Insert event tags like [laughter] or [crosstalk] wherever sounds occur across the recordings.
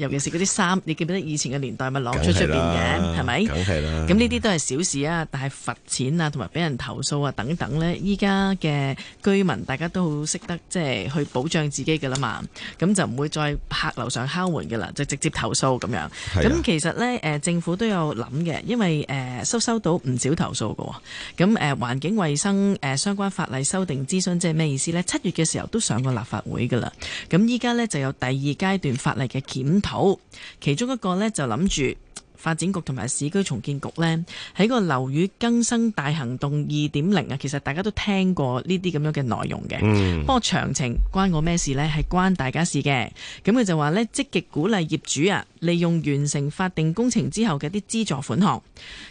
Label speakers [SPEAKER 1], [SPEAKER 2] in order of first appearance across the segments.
[SPEAKER 1] 尤其是嗰啲衫，你記唔記得以前嘅年代咪攞出出邊嘅，係咪？梗係啦。
[SPEAKER 2] 咁呢啲
[SPEAKER 1] 都係小事啊，但係罰錢啊，同埋俾人投訴啊等等咧，依家嘅居民大家都好識得即係、就是、去保障自己㗎啦嘛。咁就唔會再客樓上敲門㗎啦，就直接投訴咁樣，咁、啊、其實咧，誒、呃、政府都有諗嘅，因為誒、呃、收收到唔少投訴㗎喎。咁誒環境衛生誒、呃、相關法例修訂諮詢即係咩意思咧？七月嘅時候都上過立法會㗎啦。咁依家咧就有第二階段法例嘅檢討。好，其中一個呢，就諗住。發展局同埋市區重建局呢，喺個樓宇更新大行動二點零啊，其實大家都聽過呢啲咁樣嘅內容嘅、嗯。不過詳情關我咩事呢？係關大家事嘅。咁佢就話呢，積極鼓勵業主啊，利用完成法定工程之後嘅啲資助款項，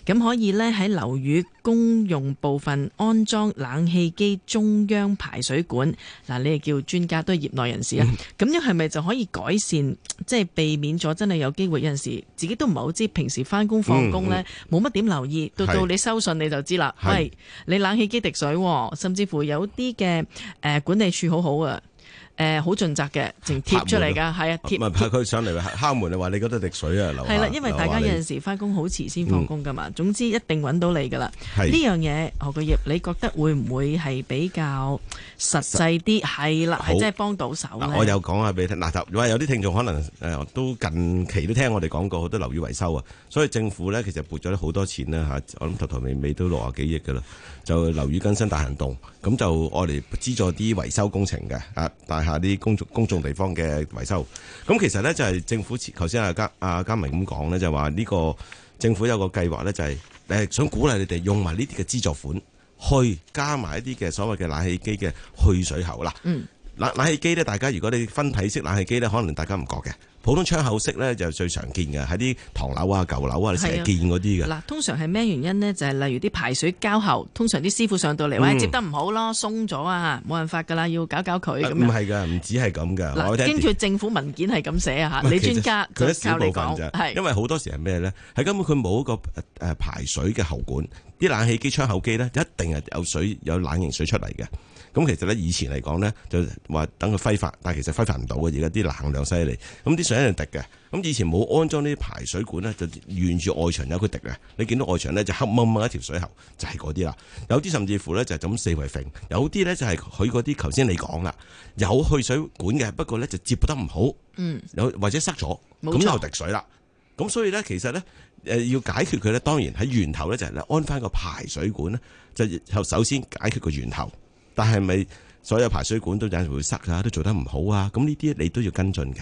[SPEAKER 1] 咁可以呢，喺樓宇公用部分安裝冷氣機中央排水管。嗱，你哋叫專家都係業內人士啊。咁、嗯、樣係咪就可以改善？即、就、係、是、避免咗真係有機會有陣時自己都唔係好知道。平時翻工，放工呢，冇乜點留意，到、嗯、到你收信你就知啦。喂，你冷氣機滴水，甚至乎有啲嘅誒管理處好好啊。誒好盡責嘅，淨貼出嚟㗎，係啊，貼。唔
[SPEAKER 3] 係派佢上嚟敲門啊，話你嗰度滴水啊，樓。係啦，因為大家有陣時
[SPEAKER 1] 翻工好遲先放工㗎嘛，總之一定揾到你㗎啦。呢樣嘢何桂葉，你覺得會唔會係比較實際啲？係啦，係真係幫到手咧。我有
[SPEAKER 3] 講下俾你聽，嗱就話有啲聽眾可能誒都近期都聽我哋講過好多樓宇維修啊，所以政府咧其實撥咗好多錢啦嚇，我諗頭頭尾尾都六十幾億㗎啦。就樓宇更新大行動，咁就我哋資助啲維修工程嘅，啊大廈啲公眾公眾地方嘅維修。咁其實呢，就係、是、政府前頭先阿家阿家明咁講呢，就話呢個政府有個計劃呢，就係誒想鼓勵你哋用埋呢啲嘅資助款去加埋一啲嘅所謂嘅冷氣機嘅去水喉啦、嗯。冷冷氣機呢大家如果你分體式冷氣機呢，可能大家唔覺嘅。普通窗口式咧就最常見嘅，喺啲唐樓啊、舊樓啊成日見嗰啲嘅。嗱，
[SPEAKER 1] 通常係咩原因咧？就係例如啲排水膠喉，通常啲師傅上到嚟，或者接得唔好咯，鬆咗啊，冇辦法㗎啦，要搞搞佢咁樣。唔係
[SPEAKER 3] 㗎，唔止係咁㗎。嗱，根據
[SPEAKER 1] 政府文件係咁寫啊嚇，你專家佢一小部分咋？係因為
[SPEAKER 3] 好多時係咩咧？係根本佢冇一個誒排水嘅喉管，啲冷氣機窗口機咧一定係有水有冷凝水出嚟嘅。咁其實咧，以前嚟講咧，就話等佢揮發，但係其實揮發唔到嘅。而家啲冷量犀利，咁啲水一定滴嘅。咁以前冇安裝呢啲排水管咧，就沿住外牆有佢滴嘅。你見到外牆咧就黑掹掹一條水喉，就係嗰啲啦。有啲甚至乎咧就係咁四圍揈，有啲咧就係佢嗰啲頭先你講啦，有去水管嘅，不過咧就接得唔好，
[SPEAKER 2] 嗯，
[SPEAKER 3] 有或者塞咗，咁就滴水啦。咁所以咧，其實咧，誒要解決佢咧，當然喺源頭咧就係安翻個排水管咧，就首先解決個源頭。但係咪所有排水管都有時會塞啊？都做得唔好啊？咁呢啲你都要跟進嘅。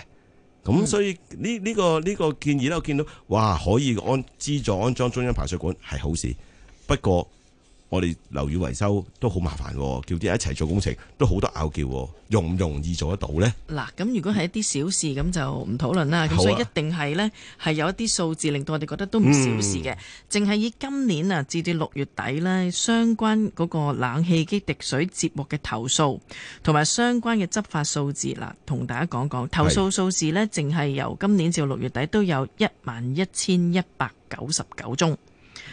[SPEAKER 3] 咁所以呢、呢個、呢個呢、呢個建議呢，我見到哇可以安資助安裝中央排水管係好事，不過。我哋樓宇維修都好麻煩，叫啲人一齊做工程都好多拗撬，容唔容易做得到咧？
[SPEAKER 1] 嗱，咁如果係一啲小事，咁就唔討論啦。咁所以一定係咧，係有一啲數字令到我哋覺得都唔小事嘅。淨係以今年啊至至六月底咧，相關嗰個冷氣機滴水節目嘅投訴，同埋相關嘅執法數字，嗱，同大家講講投訴數字咧，淨係由今年至到六月底都有一萬一千一百九十九宗。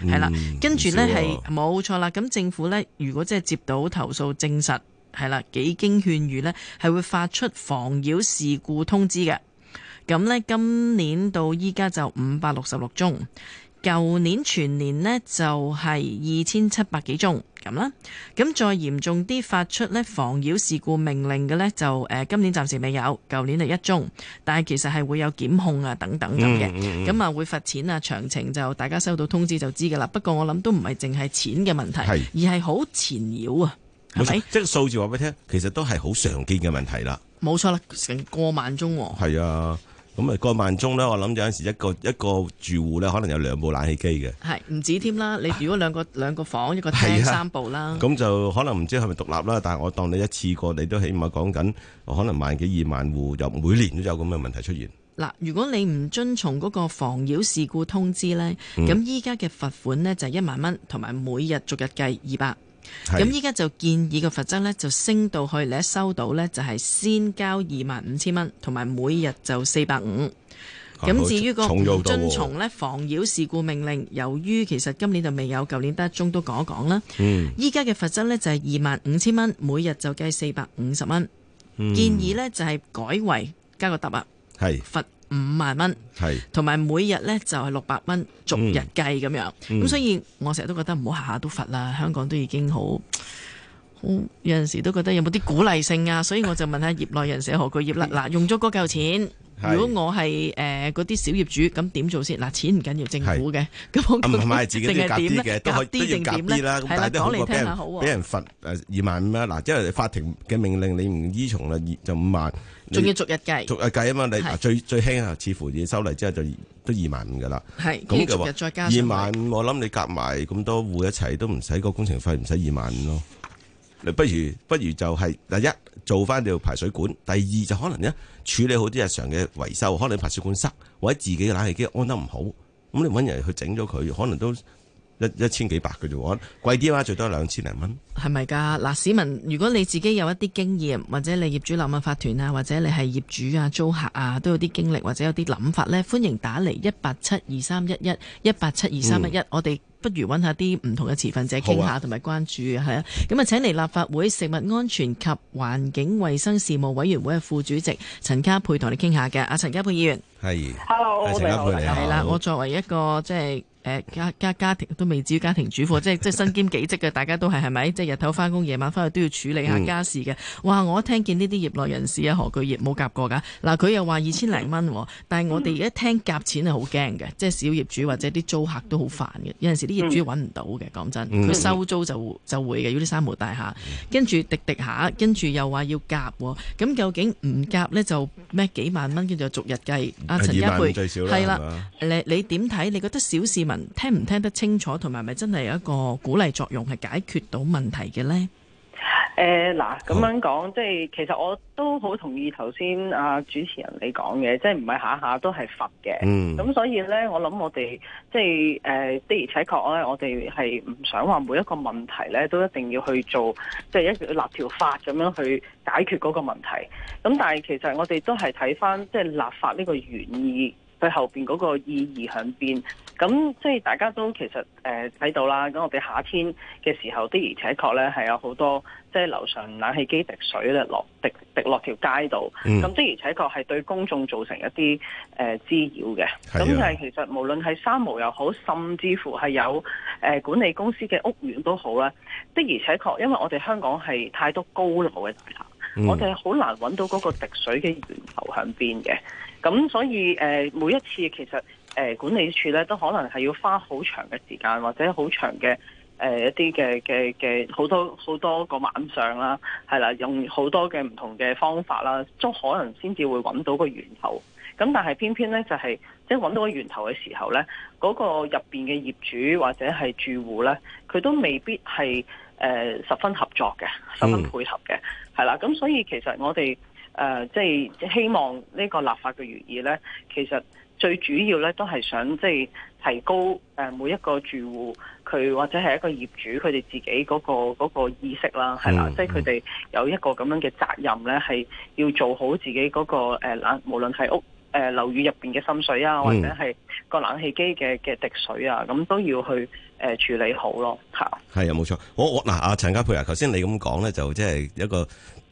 [SPEAKER 1] 係、嗯啊、啦，跟住呢係冇錯啦。咁政府呢，如果即係接到投訴證實，係啦幾經勸喻呢，係會發出妨擾事故通知嘅。咁呢，今年到依家就五百六十六宗。舊年全年呢就係二千七百幾宗咁啦，咁再嚴重啲發出呢妨擾事故命令嘅呢，就誒今年暫時未有，舊年就一宗，但係其實係會有檢控啊等等咁嘅，咁、嗯、啊、嗯嗯、會罰錢啊，詳情就大家收到通知就知㗎啦。不過我諗都唔係淨係錢嘅問題，是而係好纏繞啊，係咪？即係數
[SPEAKER 3] 字話俾你聽，其實都係好常見嘅問題啦。
[SPEAKER 1] 冇錯啦，成過萬宗喎。
[SPEAKER 3] 係啊。咁啊，過萬宗咧，我諗有陣時一個一個住戶咧，可能有兩部冷氣機嘅，
[SPEAKER 1] 係唔止添啦。你如果兩個兩、啊、個房一個廳，三部啦。咁
[SPEAKER 3] 就可能唔知係咪獨立啦，但係我當你一次過，你都起碼講緊，可能萬幾二萬戶，就每年都有咁嘅問題出現。
[SPEAKER 1] 嗱，如果你唔遵從嗰個妨擾事故通知咧，咁依家嘅罰款呢，就係一萬蚊，同埋每日逐日計二百。咁依家就建議個罰則呢，就升到去你一收到呢，就係先交二萬五千蚊，同埋每日就四百五。
[SPEAKER 3] 咁、啊、至於個唔遵從呢、
[SPEAKER 1] 啊，妨擾事故命令，由於其實今年就未有，舊年得一宗都講一講啦。嗯，依家嘅罰則呢，就係二萬五千蚊，每日就計四百五十蚊。建議呢，就係改為加個答啊，係罰。五萬蚊，係，同埋每日咧就係六百蚊，逐日計咁樣。咁、嗯嗯、所以我成日都覺得唔好下下都罰啦。香港都已經好，好有陣時都覺得有冇啲鼓勵性啊。所以我就問下業內人士何巨業啦。嗱， [laughs] 用咗嗰嚿錢。如果我係誒嗰啲小業主，咁點做先？嗱，錢唔緊要，政府嘅，咁我，唔係自己夾啲嘅，都可以夾啲啦。係啦，講嚟聽下好，哦。俾人
[SPEAKER 3] 罰二萬五啦。嗱，即係法庭嘅命令，你唔依從啦，就五萬。仲要逐日計，逐日計啊嘛！你最最輕啊，似乎你收嚟之後就都二萬五噶啦。
[SPEAKER 1] 係，咁就二,二萬
[SPEAKER 3] 五。我諗你夾埋咁多戶一齊，都唔使個工程費，唔使二萬五咯。你不如不如就係、是，第一，做翻條排水管，第二就可能咧處理好啲日常嘅維修，可能你排水管塞，或者自己嘅冷氣機安得唔好，咁你揾人去整咗佢，可能都一一千幾百嘅啫喎，貴啲啦，最多兩千零蚊。
[SPEAKER 1] 係咪噶？嗱，市民，如果你自己有一啲經驗，或者你業主立案法團啊，或者你係業主啊、租客啊，都有啲經歷或者有啲諗法呢，歡迎打嚟一八七二三一一一八七二三一一，我哋。不如揾下啲唔同嘅持份者傾下，同埋關注係啊。咁啊，請嚟立法會食物安全及環境衛生事務委員會嘅副主席陳家佩同你傾下嘅。阿、啊、陳家佩議員，
[SPEAKER 2] 係，hello，我哋好，係啦。我
[SPEAKER 1] 作為一個即係。就是誒家家家庭都未至於家庭主婦，即係即係身兼幾職嘅， [laughs] 大家都係係咪？即係日頭翻工，夜晚翻去都要處理一下家事嘅、嗯。哇！我一聽見呢啲業內人士啊、嗯，何佢業冇夾過㗎嗱，佢又話二千零蚊，但係我哋而家聽夾錢係好驚嘅，即係小業主或者啲租客都好煩嘅。有陣時啲業主揾唔到嘅，講真，佢收租就就會嘅，要啲三無大廈，跟住滴滴下，跟住又話要夾，咁究竟唔夾呢？就咩幾萬蚊，叫做逐日計。阿、啊、陳家佩，係啦，你你點睇？你覺得小市民？聽唔聽得清楚，同埋咪真係有一個鼓勵作用，係解決到問題嘅呢？誒、呃，
[SPEAKER 4] 嗱，咁樣講，即係其實我都好同意頭先啊主持人你講嘅，即係唔係下下都係罰嘅。嗯，咁所以呢，我諗我哋即係誒、呃、的而且確咧，我哋係唔想話每一個問題呢都一定要去做，即係一立條法咁樣去解決嗰個問題。咁但係其實我哋都係睇翻即係立法呢個原意，佢後邊嗰個意義喺邊。咁即係大家都其實誒睇、呃、到啦，咁我哋夏天嘅時候的而且確咧係有好多即係樓上冷氣機滴水咧落滴滴落條街度，咁、嗯、的而且確係對公眾造成一啲誒、呃、滋擾嘅。咁、嗯、就係其實無論係三無又好，甚至乎係有誒、呃、管理公司嘅屋苑都好啦，的而且確因為我哋香港係太多高樓嘅大廈、嗯，我哋好難揾到嗰個滴水嘅源頭響邊嘅。咁所以誒、呃、每一次其實。誒、呃、管理處咧都可能係要花好長嘅時間，或者好長嘅誒、呃、一啲嘅嘅嘅好多好多個晚上啦，係啦，用好多嘅唔同嘅方法啦，都可能先至會揾到個源頭。咁但係偏偏咧就係即係揾到個源頭嘅時候咧，嗰、那個入邊嘅業主或者係住戶咧，佢都未必係誒、呃、十分合作嘅，十分配合嘅，係、嗯、啦。咁所以其實我哋誒即係希望呢個立法嘅寓意咧，其實。最主要咧都係想即係提高誒每一個住戶佢或者係一個業主佢哋自己嗰個意識啦，係、嗯、嘛？即係佢哋有一個咁樣嘅責任咧，係要做好自己嗰個冷，無論係屋誒樓宇入邊嘅滲水啊，或者係個冷氣機嘅嘅滴水啊，咁、嗯、都要去誒處理好咯，嚇。
[SPEAKER 3] 係啊，冇錯。我我嗱啊，陳家佩啊，頭先你咁講咧，就即係一個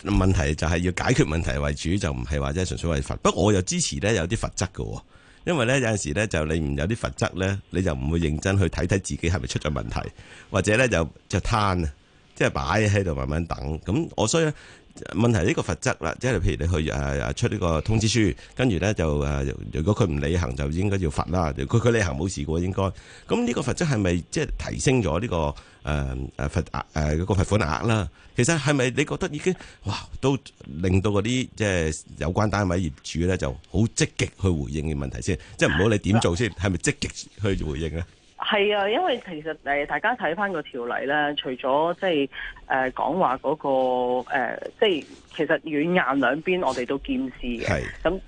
[SPEAKER 3] 問題就係要解決問題為主，就唔係話即係純粹為罰。不過，我又支持咧有啲罰則嘅。因為咧，有陣時咧，就你唔有啲罰則咧，你就唔會認真去睇睇自己係咪出咗問題，或者咧就攤就攤啊，即係擺喺度慢慢等。咁我所以。問題呢個罰則啦，即係譬如你去誒誒出呢個通知書，跟住咧就誒如果佢唔履行就應該要罰啦。佢佢履行冇事噶，應該。咁呢個罰則係咪即係提升咗、這個呃呃那個、呢個誒誒罰誒個罰款額啦？其實係咪你覺得已經哇都令到嗰啲即係有關單位業主咧就好積極去回應嘅問題先？即係唔好你點做先？係咪積極去回應咧？
[SPEAKER 4] 係啊，因為其實誒，大家睇返個條例咧，除咗即係誒講話嗰、那個誒、呃，即係其實軟硬兩邊我哋都見視嘅。係。咁，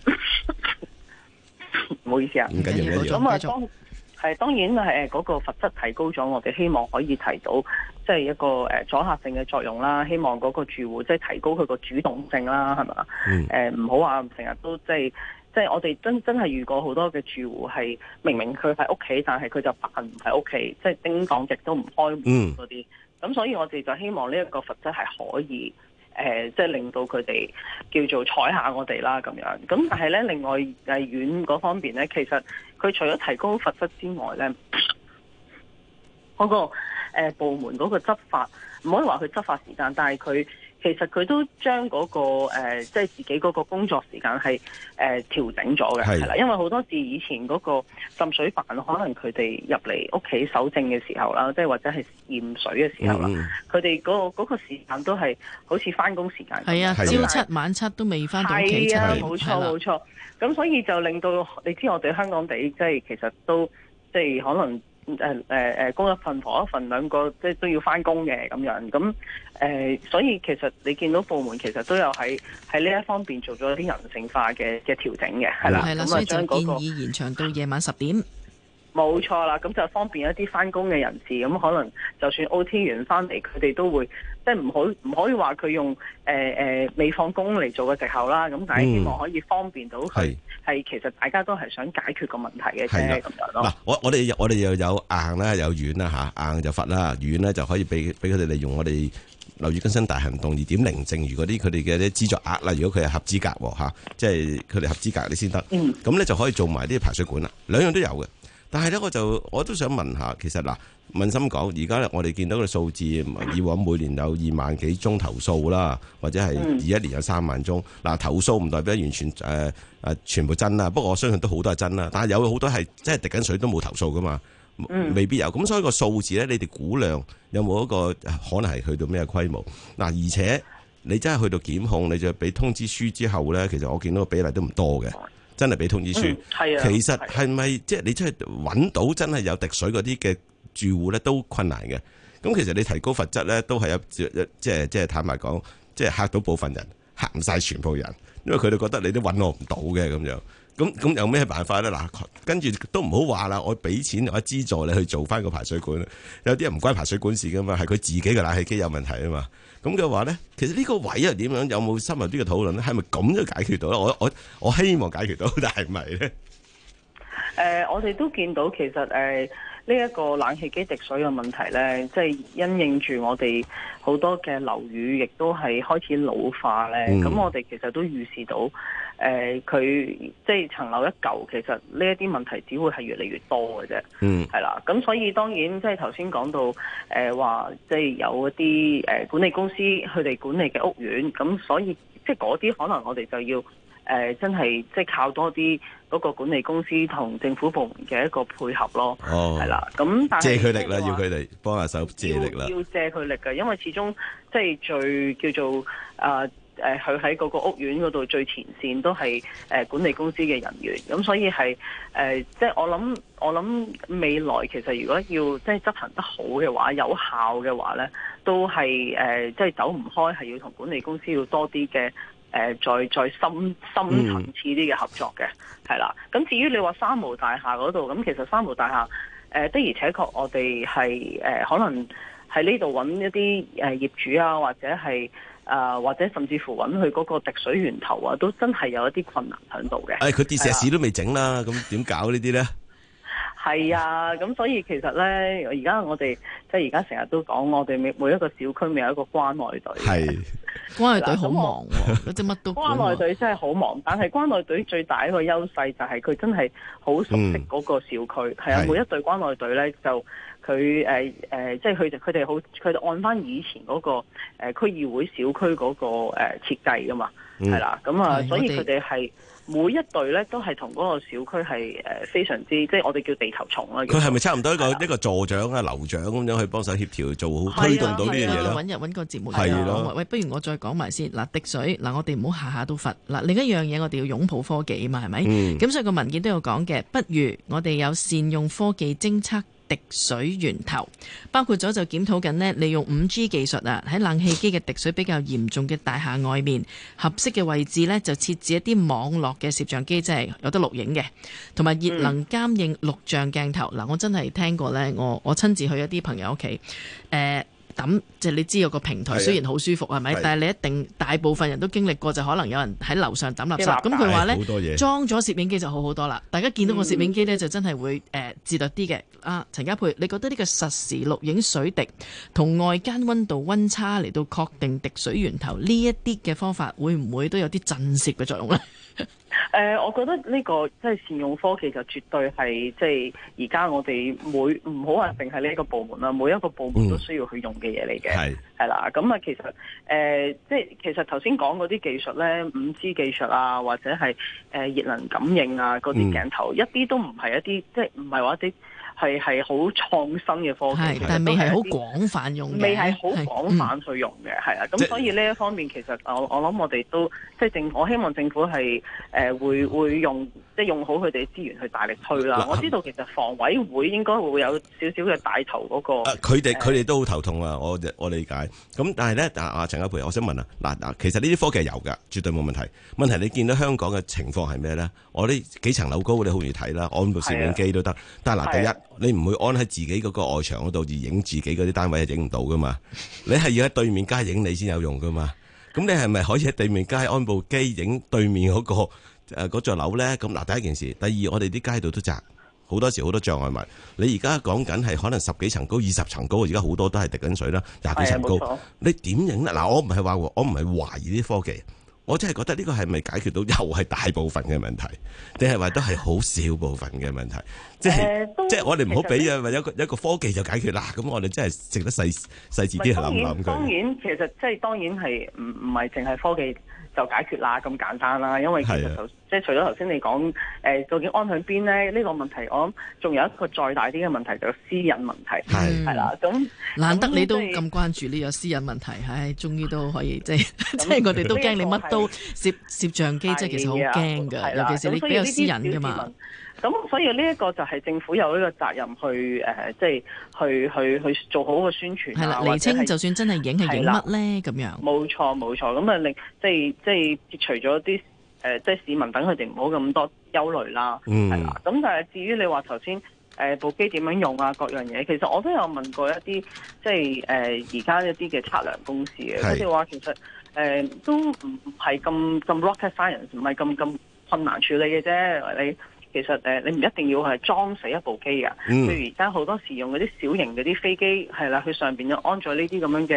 [SPEAKER 4] 唔 [laughs] 好意思啊，唔緊要，唔緊要，咁、嗯、啊，當係當然係嗰、那個罰則提高咗，我哋希望可以提到即係、就是、一個誒、呃、阻嚇性嘅作用啦。希望嗰個住戶即係提高佢個主動性啦，係咪？誒唔好話成日都即係。即、就、係、是、我哋真真係遇過好多嘅住戶係明明佢喺屋企，但係佢就扮唔喺屋企，即係丁港籍都唔開門嗰啲。咁、嗯、所以我哋就希望呢一個罰則係可以，誒、呃，即、就、係、是、令到佢哋叫做睬下我哋啦咁樣。咁但係咧，另外係院嗰方面咧，其實佢除咗提高罰則之外咧，嗰、那個誒部門嗰個執法，唔可以話佢執法時間，但係佢。其實佢都將嗰、那個、呃、即係自己嗰個工作時間係誒、呃、調整咗嘅，啦，因為好多時以前嗰個滲水辦，可能佢哋入嚟屋企搜證嘅時候啦，即係或者係驗水嘅時候啦，佢哋嗰個時間、那個、時間都係好似翻工時間，係啊，朝七
[SPEAKER 1] 晚七都未翻到企係啊，冇錯冇
[SPEAKER 4] 錯，咁所以就令到你知我哋香港地即係其實都即係可能。誒誒誒，公一份婆一份兩個，即係都要翻工嘅咁樣。咁、呃、誒，所以其實你見到部門其實都有喺喺呢一方面做咗一啲人性化嘅嘅調整嘅，係、嗯、啦。咁啊，嗯、將嗰、嗰個
[SPEAKER 1] 延長到夜晚十點。
[SPEAKER 4] 冇錯啦，咁就方便一啲翻工嘅人士。咁可能就算 O T 完翻嚟，佢哋都會即係唔可唔可以話佢用誒誒、呃呃、未放工嚟做嘅藉口啦。咁但係希望可以方便到。嗯係，其實大家都係想解
[SPEAKER 3] 決個問題嘅啫，咁的樣咯。嗱，我我哋我哋又有硬啦，有軟啦吓，硬就罰啦，軟咧就可以俾俾佢哋利用我哋樓宇更新大行動二點零剩餘嗰啲佢哋嘅啲資助額啦。如果佢係合資格吓，即係佢哋合資格你先得。嗯，咁咧就可以做埋啲排水管啦，兩樣都有嘅。但係咧，我就我都想問下，其實嗱，問心講，而家咧我哋見到個數字，以往每年有二萬幾宗投訴啦，或者係二一年有三萬宗。嗱、嗯，投訴唔代表完全誒誒、呃、全部真啦，不過我相信都好多係真啦。但係有好多係即係滴緊水都冇投訴㗎嘛，未必有。咁所以個數字咧，你哋估量有冇一個可能係去到咩規模？嗱，而且你真係去到檢控，你就俾通知書之後咧，其實我見到個比例都唔多嘅。真係俾通知書，嗯啊、其實係咪即係你真係揾到真係有滴水嗰啲嘅住戶咧都困難嘅。咁其實你提高罰則咧都係有，即係即係坦白講，即係嚇到部分人，嚇唔晒全部人，因為佢哋覺得你都揾我唔到嘅咁樣。咁咁有咩辦法咧？嗱，跟住都唔好話啦，我俾錢或者資助你去做翻個排水管。有啲人唔關排水管事噶嘛，係佢自己嘅冷氣機有問題啊嘛。咁嘅話咧，其實呢個位又點樣？有冇深入啲嘅討論咧？係咪咁就解決到咧？我我我希望解決到，但係咪呢？咧？
[SPEAKER 4] 誒，我哋都見到其實誒，呢、呃、一、這個冷氣機滴水嘅問題咧，即、就、係、是、因應住我哋好多嘅樓宇亦都係開始老化咧。咁、嗯、我哋其實都預示到。誒、呃、佢即係層樓一嚿，其實呢一啲問題只會係越嚟越多嘅啫。嗯，係啦。咁所以當然即係頭先講到誒話，即係、呃、有一啲誒、呃、管理公司佢哋管理嘅屋苑，咁所以即係嗰啲可能我哋就要誒、呃、真係即係靠多啲嗰個管理公司同政府部門嘅一個配合咯。哦，
[SPEAKER 3] 係啦。咁借佢力啦、就是，要佢哋幫下手借力啦。要
[SPEAKER 4] 借佢力嘅，因為始終即係最叫做啊。呃誒佢喺嗰個屋苑嗰度最前線都係誒、呃、管理公司嘅人員，咁所以係誒、呃，即係我諗，我諗未來其實如果要即係執行得好嘅話，有效嘅話咧，都係誒、呃，即係走唔開，係要同管理公司要多啲嘅誒，再再深深層次啲嘅合作嘅，係、嗯、啦。咁至於你話三毛大廈嗰度，咁其實三毛大廈誒、呃、的而且確我哋係，我哋係誒可能。喺呢度揾一啲誒業主啊，或者係啊、呃，或者甚至乎揾佢嗰個滴水源頭啊，都真係有一啲困難喺度嘅。
[SPEAKER 3] 佢啲石屎都未整啦，咁點、啊、搞呢啲呢？
[SPEAKER 4] 係啊，咁所以其實呢，而家我哋即係而家成日都講，我哋每一個小區未有一個關愛隊。係 [laughs]
[SPEAKER 1] 關愛隊好忙、啊、 [laughs] 忙，
[SPEAKER 4] 嗰 [laughs] 啲關愛隊真係好忙。但係關愛隊最大的一個優勢就係佢真係好熟悉嗰個小區。係、嗯、啊，每一隊關愛隊呢，就。佢誒即係佢哋佢哋好，佢哋按返以前嗰個誒區議會小區嗰個誒設計㗎嘛，係
[SPEAKER 3] 啦，咁
[SPEAKER 4] 啊，所以佢哋係每一隊咧都係同嗰個小區係誒非常之即係我哋叫地頭蟲啦。佢係
[SPEAKER 3] 咪差唔多一個、啊、一個座長啊、樓長咁樣去幫手協調做好推動到呢樣嘢咧？搵日
[SPEAKER 1] 搵個節目嚟咯、啊。喂，不如我再講埋先嗱，滴水嗱，我哋唔好下下都罰嗱。另一樣嘢，我哋要擁抱科技啊，嘛係咪？咁、嗯、所以個文件都有講嘅，不如我哋有善用科技偵測。水源頭，包括咗就檢討緊呢，利用五 G 技術啊，喺冷氣機嘅滴水比較嚴重嘅大廈外面合適嘅位置呢，就設置一啲網絡嘅攝像機，即係有得錄影嘅，同埋熱能監應錄像鏡頭。嗱、嗯，我真係聽過呢，我我親自去一啲朋友屋企，誒、呃。抌，即、就、係、是、你知有個平台雖然好舒服係咪、啊啊？但係你一定大部分人都經歷過，就可能有人喺樓上抌垃圾。咁佢話呢多裝咗攝影機就好好多啦。大家見到個攝影機呢，就真係會誒、呃、自律啲嘅。啊，陳家佩，你覺得呢個實時錄影水滴同外間溫度溫差嚟到確定滴水源頭呢一啲嘅方法，會唔會都有啲震懾嘅作用呢？
[SPEAKER 4] 誒、呃，我覺得呢、這個即係善用科技就絕對係即係而家我哋每，唔好話淨係呢個部門啦，每一個部門都需要去用嘅嘢嚟嘅，係係啦。咁啊、呃，其實誒，即係其實頭先講嗰啲技術咧，五 G 技術啊，或者係誒熱能感應啊，嗰啲鏡頭，嗯、一啲都唔係一啲，即係唔係話一啲。係係好創新嘅科技，係但係未係好廣
[SPEAKER 1] 泛用嘅，未係好廣
[SPEAKER 4] 泛去用嘅，係啊，咁、嗯、所以呢一方面其實我我諗我哋都即係政府，我希望政府係誒、呃、會會用。即係用好佢哋資源去大力推啦。
[SPEAKER 3] 我知道其實房委會應該會有少少嘅大頭嗰、嗰個。佢哋佢哋都好頭痛啊！我我理解。咁但係咧，啊陳家佩，我想問啊，嗱嗱，其實呢啲科技係有㗎，絕對冇問題。問題你見到香港嘅情況係咩咧？我啲幾層樓高，你好容易睇啦。安部攝影機都得、啊。但係嗱、啊，第一、啊、你唔會安喺自己嗰個外牆嗰度而影自己嗰啲單位係影唔到㗎嘛。你係要喺對面街影你先有用㗎嘛。咁你係咪可以喺對面街安部機影對面嗰、嗰個？誒，嗰座樓咧，咁嗱，第一件事，第二，我哋啲街道都窄，好多時好多障礙物。你而家講緊係可能十幾層高，二十層高，而家好多都係滴緊水啦，廿幾層高，你點影咧？嗱，我唔係話我唔係懷疑啲科技，我真係覺得呢個係咪解決到又係大部分嘅問題，定係話都係好少部分嘅問題？即係、呃、即係我哋唔好畀啊，話一個一個科技就解決啦。咁我哋真係值得細細緻啲去諗諗佢。當然，想想其實即係當然係唔唔係
[SPEAKER 4] 淨係科技。就解決啦，咁簡單啦，因為其實頭即係除咗頭先你講，誒究竟安響邊咧？呢、呢個問題我諗仲有一個再大啲嘅問題，就係、私隱問題係
[SPEAKER 1] 啦。咁、嗯、難得你都咁關注呢個私隱問題，唉， [laughs] 終於都可以即係即係我哋都驚你乜都攝、嗯、攝像機，即 [laughs] 係其實好驚㗎，尤其是你比較私隱㗎嘛。嗯。
[SPEAKER 4] 咁所以呢一個就係政府有呢個責任去、呃、即係去去去做好個宣傳。係啦，釐清就
[SPEAKER 1] 算真係影係影乜咧咁樣。
[SPEAKER 4] 冇錯冇錯，咁啊令即係即係撇除咗啲、呃、即係市民等佢哋唔好咁多憂慮啦。嗯，係啦。咁但係至於你話頭先誒部機點樣用啊，各樣嘢，其實我都有問過一啲即係誒而家一啲嘅測量公司嘅，即係話其實誒、呃、都唔係咁咁 rocket science，唔係咁咁困難處理嘅啫，你。其實誒，你唔一定要係裝死一部機噶，譬如而家好多時用嗰啲小型嗰啲飛機係啦，佢上邊就安咗呢啲咁樣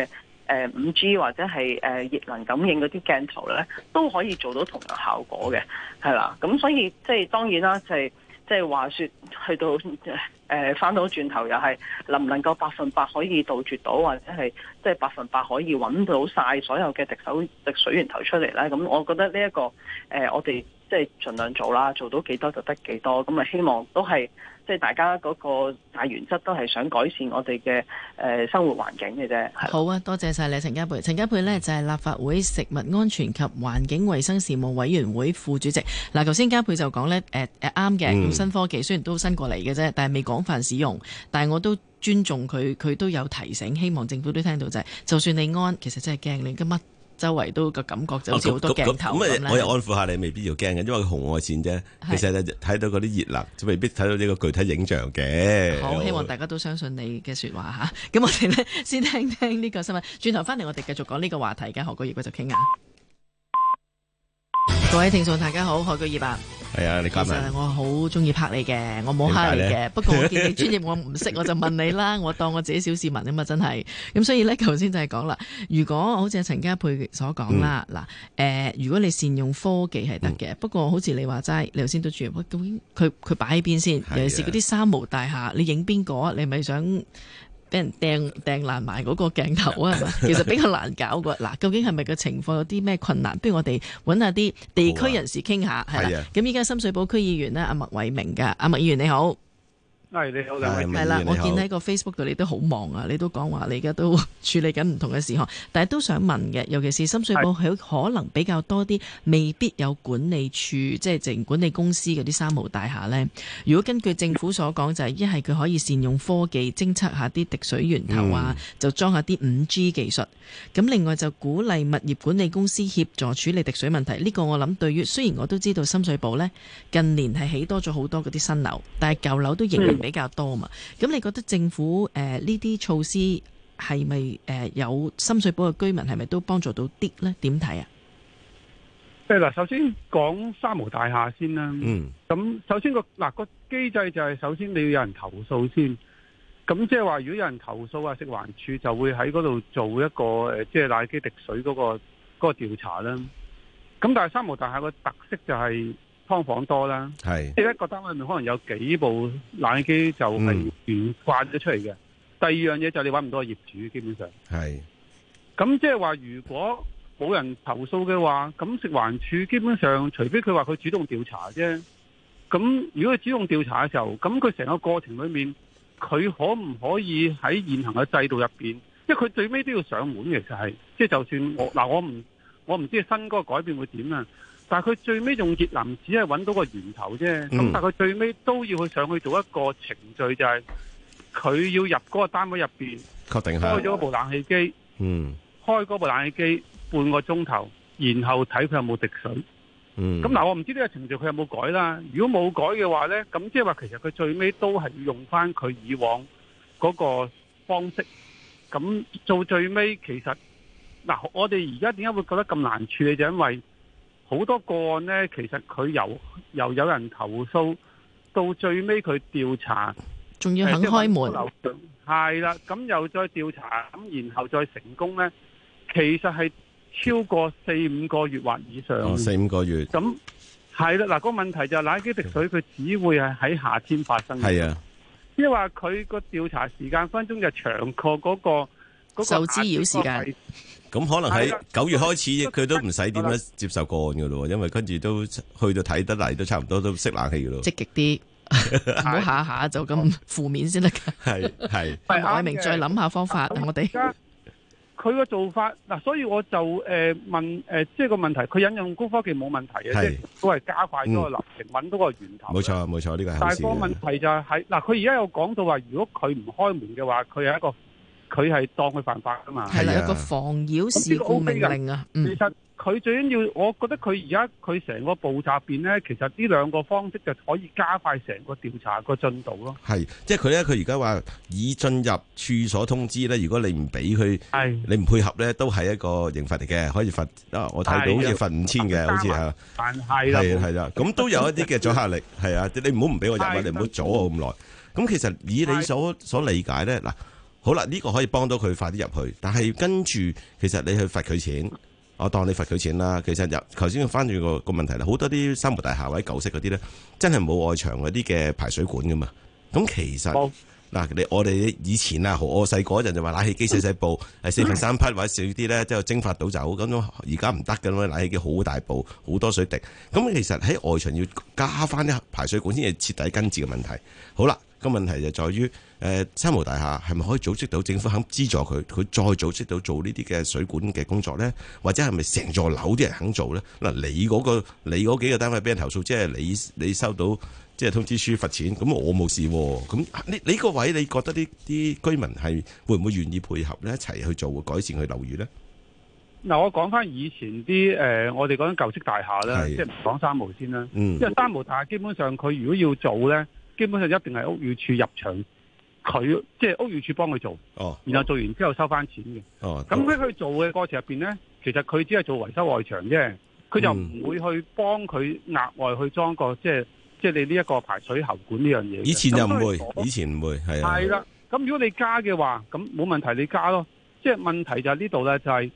[SPEAKER 4] 嘅誒五 G 或者係誒熱能感應嗰啲鏡頭咧，都可以做到同樣效果嘅，係啦。咁所以即係當然啦，就係。即係話說，去到誒翻到轉頭，又係能唔能夠百分百可以杜絕到，或者係即係百分百可以揾到晒所有嘅敵手敵水源頭出嚟咧？咁我覺得呢一個誒，我哋即係盡量做啦，做到幾多就得幾多，咁啊希望都係。即係大家嗰個大原則都係想改善我哋
[SPEAKER 1] 嘅生活環境嘅啫。好啊，多謝晒你，陳家佩。陳家佩呢就係立法會食物安全及環境衛生事務委員會副主席。嗱，頭先家佩就講呢，啱、啊、嘅，用新、嗯、科技雖然都新過嚟嘅啫，但係未廣泛使用。但係我都尊重佢，佢都有提醒，希望政府都聽到就係、是，就算你安，其實真係驚你嘅乜。周圍都個感覺就有好似好多鏡頭咁，我又安
[SPEAKER 3] 撫下你，未必要驚嘅，因為紅外線啫，其實睇到嗰啲熱能，就未必睇到呢個具體影像嘅。好，希望大
[SPEAKER 1] 家都相信你嘅說話吓。咁我哋咧先聽聽呢個新聞，轉頭翻嚟我哋繼續講呢個話題嘅，何國義我就傾下。各位聽眾大家好，何國義啊。係啊，你加其實我好中意拍你嘅，我冇蝦你嘅。 [laughs] 不過我見你專業，我唔識，我就問你啦。我當我自己小市民啊嘛，真係。咁所以呢，頭先就係講啦。如果好似陳家佩所講啦，嗱，誒，如果你善用科技係得嘅，嗯、不過好似你話齋，你頭先都住。究竟，佢佢擺喺邊先？尤其是嗰啲三無大廈，你影邊個？你咪想？俾人掟掟爛埋嗰個鏡頭啊，係嘛？其實比較難搞個嗱， [laughs] 究竟係咪個情況有啲咩困難？不如我哋揾下啲地區人士傾下，係啦、啊。咁依家深水埗區議員呢，阿麥偉明嘅，阿麥議員你好。
[SPEAKER 5] 係你好，係啦，我見喺
[SPEAKER 1] 個 Facebook 度你都好忙啊，你都講話你而家都處理緊唔同嘅事項，但係都想問嘅，尤其是深水埗，可，可能比較多啲未必有管理處，即係物業管理公司嗰啲三無大廈呢。如果根據政府所講，就係一係佢可以善用科技偵測下啲滴水源頭啊、嗯，就裝下啲五 G 技術。咁另外就鼓勵物業管理公司協助處理滴水問題。呢個我諗對於，雖然我都知道深水埗呢，近年係起多咗好多嗰啲新樓，但係舊樓都仍然、嗯。比較多嘛，咁你覺得政府誒呢啲措施係咪誒有深水埗嘅居民係咪都幫助到啲咧？點睇
[SPEAKER 5] 啊？誒嗱，首先講三無大廈先啦。嗯。咁首先個嗱個機制就係首先你要有人投訴先。咁即係話，如果有人投訴啊，食環署就會喺嗰度做一個誒，即係奶基滴水嗰個嗰個調查啦。咁但係三無大廈個特色就係。劏房多啦，即係一個單位裏面可能有幾部冷氣機就係亂掛咗出嚟嘅、嗯。第二樣嘢就係你揾唔到業主，基本上。係。咁即係話，如果冇人投訴嘅話，咁食環署基本上除非佢話佢主動調查啫。咁如果佢主動調查嘅時候，咁佢成個過程裏面，佢可唔可以喺現行嘅制度入邊，即係佢最尾都要上門嘅，其實係即係就算我嗱，我唔我唔知新嗰個改變會點啊？但係佢最尾用熱能，只係揾到個源頭啫。咁、嗯、但係佢最尾都要去上去做一個程序，就係、確定是、佢要入嗰個單位入邊，
[SPEAKER 3] 開咗部冷氣機，嗯、
[SPEAKER 5] 開嗰部冷氣機半個鐘頭，然後睇佢有冇滴水。咁、嗯、嗱、嗯，我唔知呢個程序佢有冇改啦。如果冇改嘅話呢，咁即係話其實佢最尾都係用翻佢以往嗰個方式。咁做最尾，其實嗱、啊，我哋而家點解會覺得咁難處理，就因為。好多個案咧，其實佢由由有人投訴到最尾，佢調查
[SPEAKER 1] 仲要肯開門，
[SPEAKER 5] 係啦，咁又再調查，咁然後再成功咧，其實係超過四五個月或以上，四、哦、五個月，咁係啦。嗱、那個問題就係冷氣滴水，佢只會係喺夏天發生，係啊，即係話佢個調查時間分鐘就
[SPEAKER 1] 長過嗰、那個受滋擾時間。
[SPEAKER 3] 咁可能喺九月開始，佢都唔使點樣接受個案噶咯，因為跟住都去到睇得嚟，都差唔多都熄冷氣噶咯。積
[SPEAKER 1] 極啲，唔好下下就咁負面先得。係係，阿偉明再諗下方法，我哋。而
[SPEAKER 5] 家佢個做法嗱，所以我就誒問誒，即係個問題，佢引用高科技冇問題嘅，即係都係加快咗個流程，揾嗰個源
[SPEAKER 3] 頭。冇錯冇錯，呢個係。但係個問
[SPEAKER 5] 題就係，嗱，佢而家有講到話，如果佢唔開門嘅話，佢係一個。佢係當佢犯法噶嘛？係一個防
[SPEAKER 1] 擾事故命令啊、這
[SPEAKER 5] 個嗯。其實佢最緊要，我覺得佢而家佢成個步驟邊呢，其實呢兩個方式就可以加快成個調查個進度咯。
[SPEAKER 3] 係，即係佢咧，佢而家話已進入處所通知咧。如果你唔俾佢，你唔配合咧，都係一個刑罰嚟嘅，可以罰。我睇到好似罰五千嘅，好似係。但係啦，係啦，咁都有一啲嘅阻嚇力。係 [laughs] 啊，你唔好唔俾我入啊！你唔好阻我咁耐。咁其實以你所所理解咧，嗱。好啦，呢個可以幫到佢快啲入去，但係跟住其實你去罰佢錢，我當你罰佢錢啦。其實又頭先翻轉個問題啦，好多啲商務大廈或者舊式嗰啲呢，真係冇外牆嗰啲嘅排水管噶嘛。咁其實嗱、啊，我哋以前啊，我細個嗰陣就話冷氣機細細部四分三匹或者少啲呢，即係蒸發到走咁樣。而家唔得噶啦，冷氣機好大部，好多水滴。咁其實喺外牆要加翻啲排水管先至徹底根治嘅問題。好啦。個問題就在於，誒三毛大廈係咪可以組織到政府肯資助佢？佢再組織到做呢啲嘅水管嘅工作咧，或者係咪成座樓啲人肯做咧？嗱，你嗰個你嗰幾個單位俾人投訴，即係你你收到即係通知書罰錢，咁我冇事喎。咁你你個位，你覺得啲啲居民係會唔會願意配合咧一齊去做改善佢樓宇咧？
[SPEAKER 5] 嗱，我講翻以前啲誒，我哋講舊式大廈咧，即係唔講三毛先啦。嗯。因為三毛大廈基本上佢如果要做咧。基本上一定係屋宇署入場，佢即係屋宇署幫佢做，哦，然後做完之後收翻錢嘅。咁喺佢做嘅過程入面咧，其實佢只係做維修外牆啫，佢就唔會去幫佢額外去裝個即係即係你呢一個排水喉管呢樣嘢。以前就唔會就，以
[SPEAKER 3] 前唔會係
[SPEAKER 5] 啦，咁如果你加嘅話，咁冇問題你加咯。即係問題就係呢度咧，就係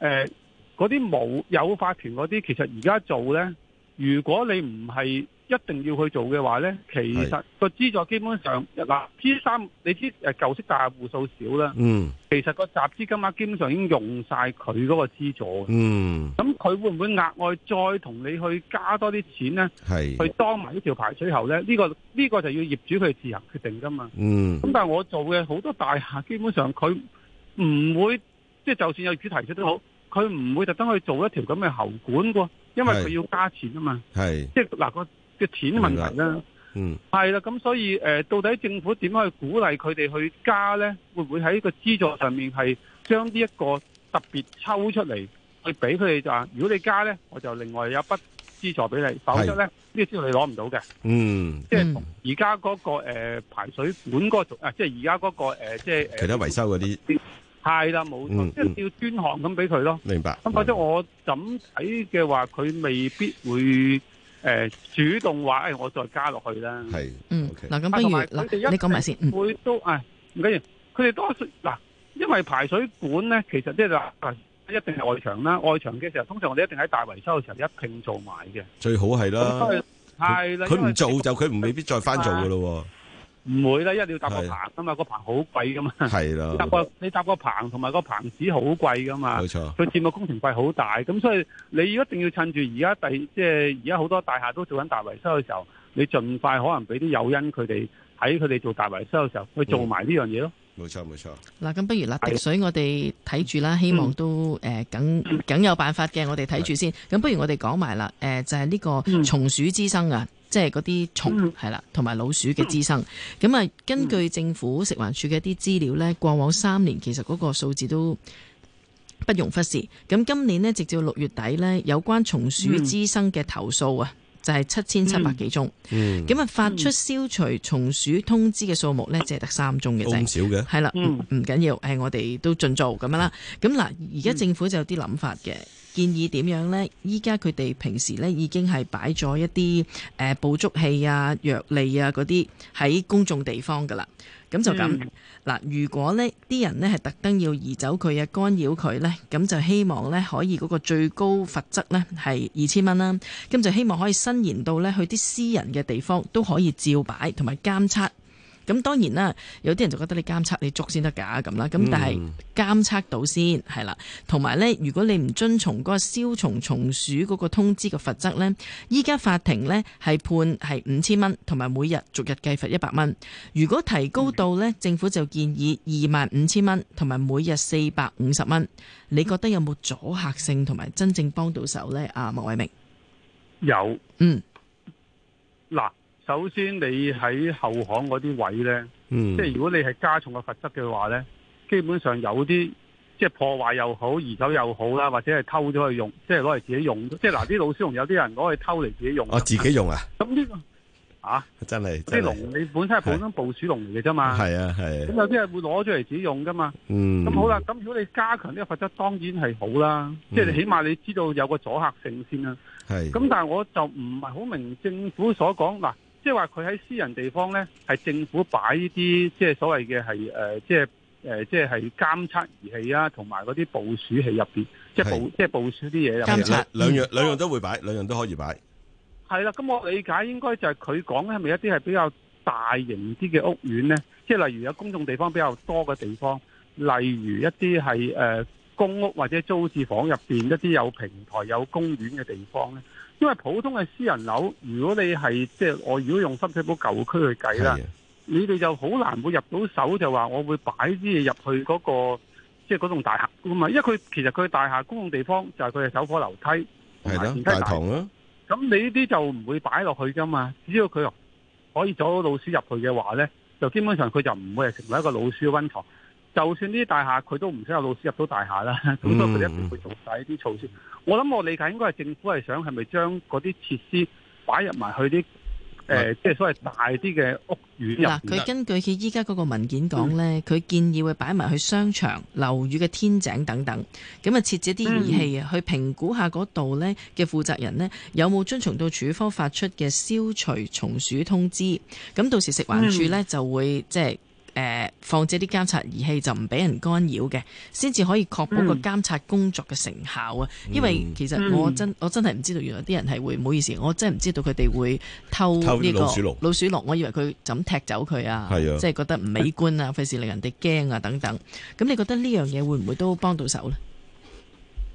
[SPEAKER 5] 誒嗰啲冇有法團嗰啲，其實而家做咧，如果你唔係。一定要去做嘅話呢，其實個資助基本上嗱，P 三你知舊式大廈戶數少啦，嗯，其實個集資金額基本上已經用晒佢嗰個資助，嗯，咁佢會唔會額外再同你去加多啲錢呢？係去當埋呢條排水喉呢？呢、呢個呢、呢個就要業主佢自行決定噶嘛，嗯，咁但係我做嘅好多大廈基本上佢唔會，即、就、係、是、就算有業主提出都好，佢唔會特登去做一條咁嘅喉管，因為佢要加錢啊嘛，係，即係嗱個。嘅錢問題啦，嗯，係啦，咁所以誒，到底政府點樣去鼓勵佢哋去加咧？會唔會喺個資助上面係將呢一個特別抽出嚟去俾佢哋？就話如果你加咧，我就另外有筆資助俾你，否則咧呢個資助你攞唔到嘅。
[SPEAKER 2] 嗯，
[SPEAKER 5] 即係而家嗰個誒排水管嗰個，啊，即係而家嗰個誒，即係誒其他維修嗰啲，係啦，冇錯，即係要專項咁俾佢咯。明白。咁否則我咁睇嘅話，佢未必會。誒、呃、主動話、哎、我再加落去啦。係，嗯，嗱咁不如嗱，
[SPEAKER 1] 你講埋先。嗯，佢都誒唔緊要，佢哋多
[SPEAKER 5] 嗱，因為排水管咧，其實即、就、係、是啊、一定係外牆啦。外牆嘅時候，通常我哋一定喺大維修嘅時候一拼做埋嘅。
[SPEAKER 3] 最好係啦，
[SPEAKER 5] 佢唔做，
[SPEAKER 3] 做就佢唔未必再翻做嘅咯。啊唔
[SPEAKER 5] 會啦，一定要搭個棚啊、那個、嘛，係個棚好貴
[SPEAKER 3] 噶嘛，
[SPEAKER 5] 搭個你搭個棚同埋個棚子好貴噶嘛，冇錯，佢佔個工程費好大，咁所以你一定要趁住而家第即係而家好多大廈都做緊大維修嘅時候，你盡快可能俾啲誘因佢哋喺佢哋做大維修嘅時候去做埋呢樣嘢咯。嗯
[SPEAKER 3] 冇錯冇錯
[SPEAKER 1] 嗱，咁、啊、不如立滴水，我哋睇住啦。希望都誒，梗、呃、梗有辦法嘅。我哋睇住先。咁不如我哋講埋啦。誒、呃，就係、是、呢個蟲鼠滋生啊，即係嗰啲蟲係啦，同、嗯、埋老鼠嘅滋生。咁啊，根據政府食環署嘅一啲資料呢，過往三年其實嗰個數字都不容忽視。咁今年呢，直至六月底呢，有關蟲鼠滋生嘅投訴啊。就係七千七百幾宗，嗯，咁、嗯、啊發出消除蟲鼠通知嘅數目咧，只、嗯、係得三宗嘅啫，少嘅，係啦，唔緊要，誒我哋都盡做咁樣啦。咁嗱，而家政府就有啲諗法嘅。建議點樣呢？依家佢哋平時咧已經係擺咗一啲誒捕捉器啊、藥劑啊嗰啲喺公眾地方噶啦，咁就咁嗱、嗯。如果呢啲人呢係特登要移走佢啊、干擾佢呢，咁就希望呢可以嗰個最高罰則呢係二千蚊啦。咁就希望可以伸延到呢去啲私人嘅地方都可以照擺同埋監察。咁當然啦，有啲人就覺得你監測你捉先得㗎。咁啦，咁但係監測到先係啦。同埋呢，如果你唔遵從嗰個消除蟲鼠嗰個通知嘅罰則呢，依家法庭呢係判係五千蚊，同埋每日逐日計罰一百蚊。如果提高到呢、嗯，政府就建議二萬五千蚊，同埋每日四百五十蚊。你覺得有冇阻嚇性同埋真正幫到手呢？阿麥偉明有嗯
[SPEAKER 5] 嗱。首先，你喺後巷嗰啲位咧、嗯，即係如果你係加重個罰則嘅話咧，基本上有啲即係破壞又好，移走又好啦，或者係偷咗去用，即係攞嚟自己用，即係嗱啲老鼠籠有啲人攞去偷嚟自己用。我、啊、自己用啊！咁呢、個啊，真係即係籠你本身係普通捕鼠籠嚟嘅啫嘛。係啊，係、啊。咁有啲係會攞出嚟自己用噶嘛。嗯。咁好啦，咁如果你加強呢個罰則，當然係好啦，嗯、即係你起碼你知道有個阻嚇性先啦。咁、啊、但係我就唔係好明政府所講嗱。即係話佢喺私人地方咧，係政府擺呢啲即係所謂嘅係誒，即係誒，即係監測儀器啊，同埋嗰啲捕鼠器入邊，即係捕即係捕鼠啲嘢入邊。監測
[SPEAKER 3] 兩樣，兩樣、嗯、都
[SPEAKER 5] 會擺，兩樣都可以擺。係啦，咁我理解應該就係佢講係咪一啲係比較大型啲嘅屋苑咧？即係例如有公眾地方比較多嘅地方，例如一啲係誒公屋或者租置房入邊一啲有平台有公園嘅地方咧。因為普通嘅私人樓，如果你係即係我如果用深水埗舊區去計啦，你哋就好難會入到手就話我會擺啲嘢入去嗰、嗰個即係嗰棟大廈咁，因為佢其實佢大廈公共地方就係佢嘅走火樓梯，係咯，大、大堂啦。咁你呢啲就唔會擺落去噶嘛，只要佢可以阻到老鼠入去嘅話咧，就基本上佢就唔會係成為一個老鼠嘅溫床。就算呢啲大廈，佢都唔想有老鼠入到大廈啦。咁所以佢哋一定會做晒呢啲措施。嗯、我諗我理解應該係政府係想係咪將嗰啲設施擺入埋去啲誒，即係所謂大啲嘅屋苑入邊。嗱，佢、嗯、根
[SPEAKER 1] 據佢依家嗰個文件講咧，佢、嗯、建議會擺埋去商場、樓宇嘅天井等等。咁啊，設置一啲儀器去評估下嗰度咧嘅負責人呢，有冇遵從到署方發出嘅消除蟲鼠通知。咁到時食環署咧就會、嗯、即係。誒，放置啲監察儀器就唔俾人干擾嘅，先至可以確保個監察工作嘅成效啊、嗯！因為其實我真、嗯、我真係唔知道，原來啲人係會唔好意思，我真係唔知道佢哋會偷呢、呢個偷老鼠籠。老鼠籠我以為佢就咁踢走佢啊，即係、就是、覺得唔美觀啊，費 [laughs] 事令人哋驚啊等等。咁你覺得呢樣嘢會唔會都幫到手呢？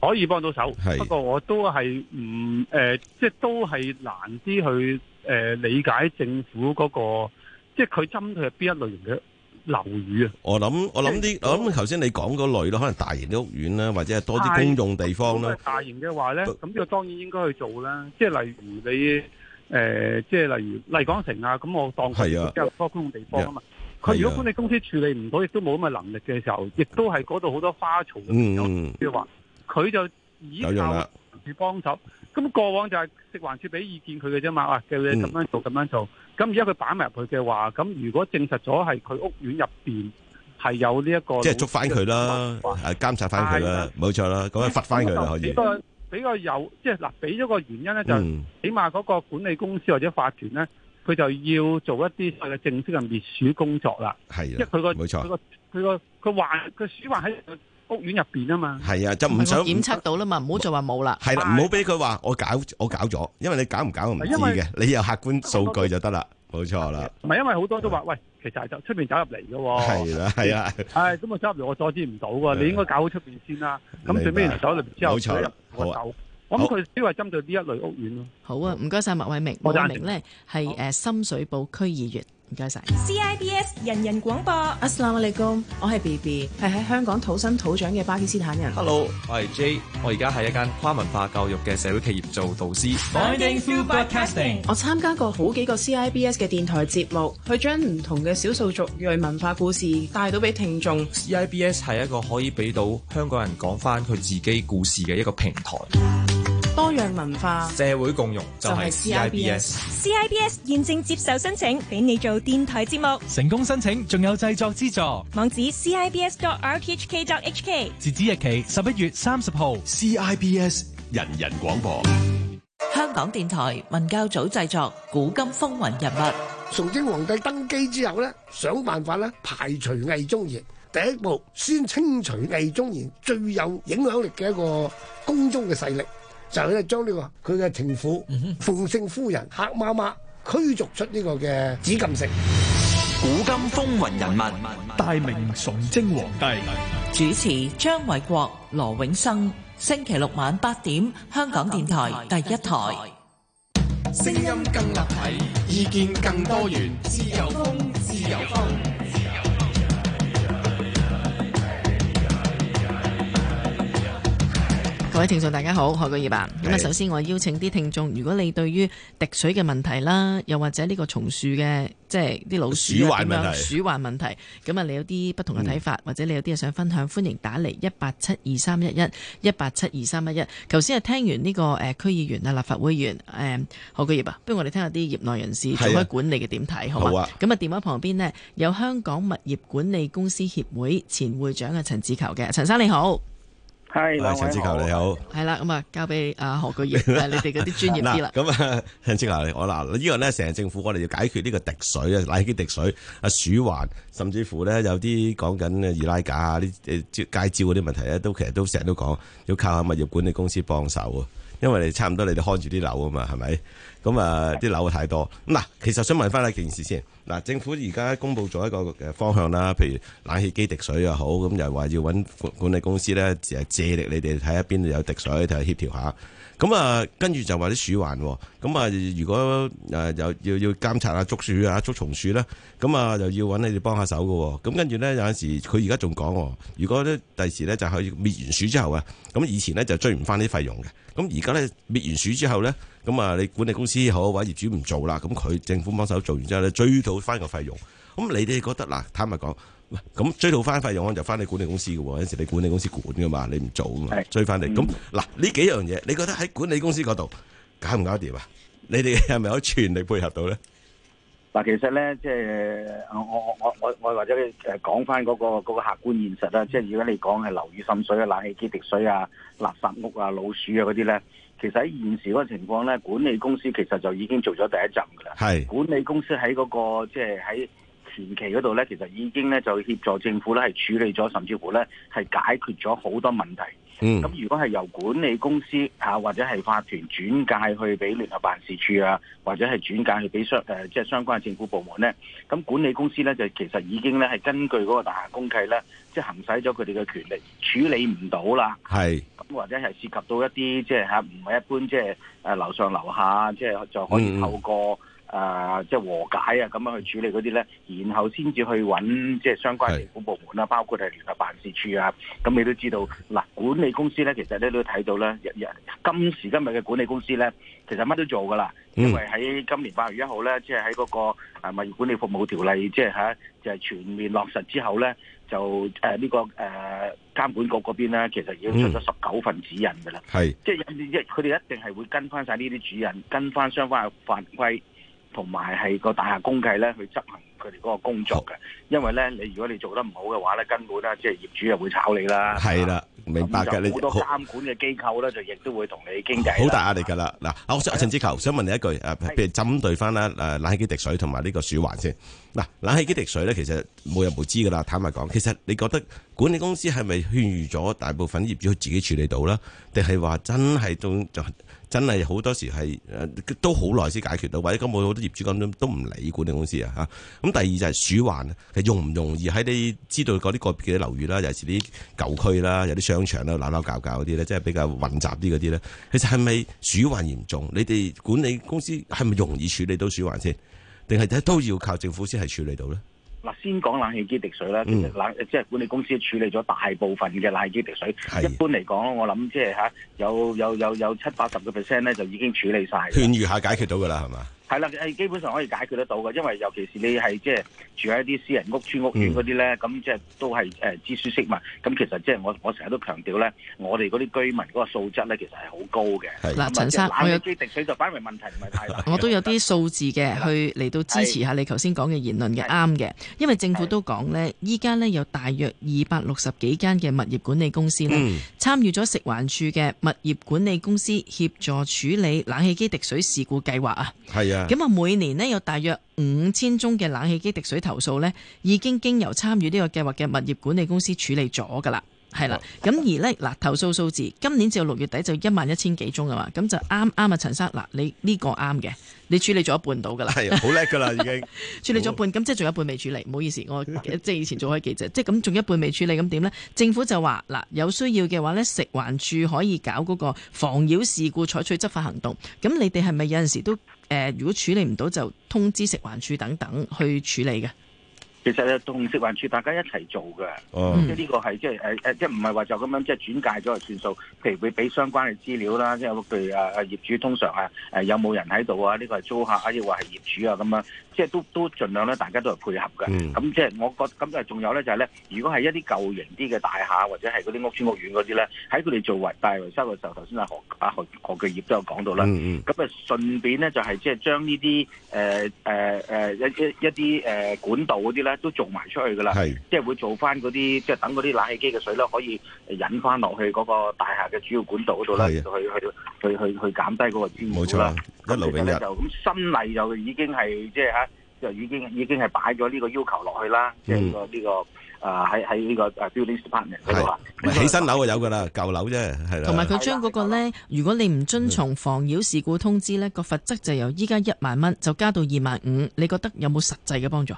[SPEAKER 5] 可以幫到手，不過我都係唔誒，即係都係難啲去誒、呃、理解政
[SPEAKER 3] 府嗰、那個，即係佢針對佢係邊一類型嘅。樓宇啊！我諗我諗啲我諗頭先你講嗰類咯，可能大型啲屋苑啦，或者係多啲公眾地方啦。
[SPEAKER 5] 大型嘅話咧，咁呢個當然應該去做啦。
[SPEAKER 3] 即係例如你誒、呃，即係例如麗港城
[SPEAKER 5] 啊，咁我當係啊，較多公眾地方啊嘛。佢如果管理公司處理唔到，亦都冇咁嘅能力嘅時候，亦都係嗰度好多花槽有，譬如話佢就有用喇。住幫手，咁過往就係食環署俾意見佢嘅啫嘛，話叫你咁樣做咁樣做，咁而家佢擺埋入去嘅話，咁如果證實咗係佢屋苑入邊係有呢一個，即係捉翻佢啦，
[SPEAKER 3] 係監察翻佢啦，冇錯啦，咁樣罰翻佢就可以。比較
[SPEAKER 5] 比較有，即係嗱，俾咗個原因咧，就起碼嗰個管理公司或者法團咧，佢就要做一啲佢嘅正式嘅滅鼠工作啦。係，即係佢個冇錯，佢個佢個佢還
[SPEAKER 1] 佢鼠還喺。屋苑入邊啊嘛，
[SPEAKER 3] 係啊，就唔想檢測
[SPEAKER 1] 到啦嘛，唔好再話冇啦，係啦，唔好
[SPEAKER 3] 俾佢話我搞我搞咗，因為你搞唔搞我唔知嘅，你有客觀數據就得啦，冇錯啦。
[SPEAKER 5] 唔係因為好多都話喂，其實係出面走入嚟嘅喎，係啦係啦，誒咁我走入嚟我阻止唔到㗎，你應該搞好出面先啦，咁最尾人走入嚟之後再入我走。
[SPEAKER 1] 我諗佢只係針對呢一類屋苑咯。好啊，唔該曬麥偉明，麥偉明咧係誒深水埗區議員。唔該晒，CIBS 人人廣播，Assalamu Alaikum，我係 BB，係喺香港土生土長嘅巴基斯坦人。Hello，我係 Jay，我而家喺一間跨文化教
[SPEAKER 3] 育嘅社會企業做導師。Finding
[SPEAKER 6] Food Broadcasting，
[SPEAKER 1] 我參加過好幾個 CIBS 嘅電台節目，去將唔同嘅小數族裔文化故事帶到俾聽眾。CIBS
[SPEAKER 6] 係一個可以俾到香港人講翻佢自己故事嘅一個平台。文化社會共融就係 CIBS，CIBS、
[SPEAKER 1] 就是、現正接受申請，俾你做電台節目，
[SPEAKER 6] 成功申請仲有製作資助，
[SPEAKER 1] 網址 CIBS.RTHK.HK，
[SPEAKER 6] 截止日期十一月三十號，CIBS 人人
[SPEAKER 4] 廣播，香港電台文教組製作《古今風雲人物》。
[SPEAKER 5] 崇禎皇帝登基之後咧，想辦法咧排除魏忠賢，第一步先清除魏忠賢最有影響力嘅一個宮中嘅勢力。就係將呢個佢嘅情婦奉聖夫人客媽媽驅逐出呢個
[SPEAKER 6] 嘅
[SPEAKER 1] 紫禁城。古今風雲人物，大明崇禎皇帝。主持張偉國、羅永生。星期六晚八點，香港電台第一台。聲音更立體，意見更多元，自
[SPEAKER 2] 由風，自由風。
[SPEAKER 1] 各位聽眾，大家好，何國業啊！咁啊，首先我邀請啲聽眾，如果你對於滴水嘅問題啦，又或者呢個松樹嘅，即係啲老鼠患問題，鼠患問題，咁啊，你有啲不同嘅睇法、嗯，或者你有啲嘢想分享，歡迎打嚟一八七二三一一一八七二三一一。頭先係聽完呢個誒區議員啊、立法會議員誒何國業啊，不如我哋聽下啲業內人士做咩、啊、管理嘅點睇好嘛？好啊。咁啊，電話旁邊呢，有香港物業管理公司協會前會長啊陳志球嘅，陳生你好。
[SPEAKER 3] 係，陳志球你好，
[SPEAKER 1] 係、嗯、啦，咁啊交俾阿何國賢 [laughs] 業，你哋嗰啲專業啲啦。
[SPEAKER 3] 咁啊，志球，我啦呢個咧成日政府，我哋要解決呢個滴水啊，哪些滴水啊，鼠患甚至乎咧有啲講緊易拉架啊，啲誒街招嗰啲問題咧，都其實都成日都講要靠下物業管理公司幫手啊，因為你差唔多你哋看住啲樓啊嘛，係咪？咁啊，啲樓太多。咁嗱，其實想問翻你一件事先。嗱，政府而家公布咗一個嘅方向啦，譬如冷氣機滴水又好，咁又係話要搵管理公司咧，借力你哋睇下邊度有滴水，就協調下。咁啊，跟住就話啲鼠患咁啊。如果誒，又要要監察啊，捉鼠啊，捉蟲鼠咧，咁啊，又要揾你哋幫下手噶。咁跟住咧，有陣時佢而家仲講，如果咧第時咧就去滅完鼠之後啊，咁以前咧就追唔翻啲費用嘅。咁而家咧滅完鼠之後咧，咁啊，你管理公司好或者業主唔做啦，咁佢政府幫手做完之後咧追到翻個費用。咁你哋覺得嗱，坦白講。咁追到翻費用，可能就翻你管理公司嘅喎。有陣時候你管理公司管嘅嘛，你唔做嘛，追翻嚟，咁、嗯、嗱，呢幾樣嘢，你覺得喺管理公司嗰度搞唔搞得掂啊？你哋係咪可以全力配合到咧？
[SPEAKER 6] 嗱，其實咧，即係我我我我或者誒講翻嗰個、嗰個客觀現實啊，即係如果你講係樓宇滲水啊、冷氣機滴水啊、垃圾屋啊、老鼠啊嗰啲咧，其實喺現時嗰個情況咧，管理公司其實就已經做咗第一站噶啦。係管理公司喺嗰、嗰個即係喺。前期嗰度咧，其實已經咧就協助政府咧係處理咗，甚至乎咧係解決咗好多問題。咁、嗯、如果係由管理公司啊或者係法團轉介去俾聯合辦事處啊，或者係轉介去俾相誒即係相關嘅政府部門咧，咁管理公司咧就其實已經咧係根據嗰個大廈公契咧，即係行使咗佢哋嘅權力，處理唔到啦。係咁或者係涉及到一啲即係嚇唔係一般即係誒樓上樓下，即係就可以透過嗯嗯。啊、呃，即係和解啊，咁樣去處理嗰啲咧，然後先至去揾即係相關政府部門啦、啊，包括係聯合辦事處啊。咁、嗯、你都知道，嗱管理公司咧，其實你都睇到咧，日日今時今日嘅管理公司咧，其實乜都做㗎啦、嗯。因為喺今年八月一號咧，即係喺嗰個、啊、物業管理服務條例，即係嚇、啊、就係、全面落實之後咧，就誒呢、啊呢個誒、啊、監管局嗰邊咧，其實已經出咗十九份指引㗎啦。即係佢哋一定係會跟翻晒呢啲指引，跟翻相關嘅法規。同埋係個大廈工計咧，去執行佢哋嗰個工作嘅，因為咧，你如果你做得唔好嘅話咧，根本咧，即係業主又會炒
[SPEAKER 3] 你啦。係啦，明白嘅。你好多監
[SPEAKER 6] 管嘅機構咧，就亦都會同你傾偈。好大壓
[SPEAKER 3] 力㗎啦！嗱，我陳志球想問你一句誒，譬如針對翻啦誒冷氣機滴水同埋呢個鼠患先。嗱，冷氣機滴水咧，其實無人無知㗎啦。坦白講，其實你覺得管理公司係咪勸喻咗大部分業主自己處理到啦，定係話真係仲就？真係好多時係，都好耐先解決到，或者咁我好多業主咁都都唔理管，管理公司啊嚇。咁第二就係鼠患，係容唔容易喺你知道嗰啲個別樓宇啦，尤其是啲舊區啦，有啲商場啦、鬧鬧搞搞嗰啲咧，即係比較混雜啲嗰啲咧，其實係咪鼠患嚴重？你哋管理公司係咪容易處理到鼠患先，定係都要靠政府先係處理到咧？
[SPEAKER 6] 嗱，先講冷氣機滴水啦。其實冷即係管理公司處理咗大部分嘅冷氣機滴水。一般嚟講我諗即係嚇有有有有七八十個 percent 咧，就已經處理晒，
[SPEAKER 3] 勸喻下解決到噶啦，係嘛？
[SPEAKER 6] 係啦，係基本上可以解決得到嘅，因為尤其是你係即係住喺一啲私人屋邨屋苑嗰啲咧，咁即係都係誒知書識物。咁其實即係我我成日都強調咧，我哋嗰啲居民嗰個素質咧，其實係好高嘅。嗱，陳生，我有啲滴水就反為問題唔係太大。我都
[SPEAKER 1] 有啲數字嘅去嚟到支持下你頭先講嘅言論嘅啱嘅，因為政府都講咧，依家咧有大約二百六十幾間嘅物業管理公司咧參與咗食環署嘅物業管理公司協助處理冷氣機滴水事故計劃啊。係啊。咁啊，每年呢有大約五千宗嘅冷氣機滴水投訴呢，已經經由參與呢個計劃嘅物業管理公司處理咗噶啦。係啦，咁而咧嗱，投訴數字今年至六月底就一萬一千幾宗㗎嘛，咁就啱啱啊，陳生嗱，你呢個啱嘅，你處理咗一半到噶啦，係好叻噶啦，已經 [laughs] 處理咗半，咁 [laughs] 即係仲有一半未處理，唔好意思，我即係以前做開記者， [laughs] 即係咁仲有一半未處理，咁點咧？政府就話嗱，有需要嘅話咧，食環署可以搞嗰個防擾事故，採取執法行動。咁你哋係咪有陣時都、呃、如果處理唔到，就通知食環署等等去處理嘅？
[SPEAKER 6] 其實咧同食環署大家一齊做嘅、oh. 呃，即係呢個係即係誒誒，即係唔係話就咁樣即係轉介咗就算數，譬如會俾相關嘅資料啦，即係譬如啊啊業主通常啊誒有冇人喺度啊？呢個係租客啊，抑或係業主啊咁樣。即係都都盡量咧，大家都係配合嘅。咁即係我覺咁誒，仲有咧就係、是、咧，如果係一啲舊型啲嘅大廈或者係嗰啲屋邨屋苑嗰啲咧，喺佢哋做維大維修嘅時候，頭先阿何阿何何巨業都有講到啦。咁、嗯、誒順便咧就係即係將呢啲誒誒誒一一一啲誒、呃、管道嗰啲咧都做埋出去噶啦。係即係會做翻嗰啲即係等嗰啲冷氣機嘅水咧可以引翻落去嗰個大廈嘅主要管道嗰度啦。係去去去去去減低嗰個污染。冇錯啦。一路後咧就咁新例就已經係即係吓就已經已經係擺咗呢個要求落去啦。即係呢個呢個啊，喺喺呢個 building
[SPEAKER 3] partner 嗰度起新樓就有噶啦，舊樓啫，係啦。同埋佢將
[SPEAKER 1] 嗰個咧，如果你唔遵從妨擾事故通知咧，個罰則就由依家一萬蚊就加到二萬五。你覺得有冇實際嘅幫助？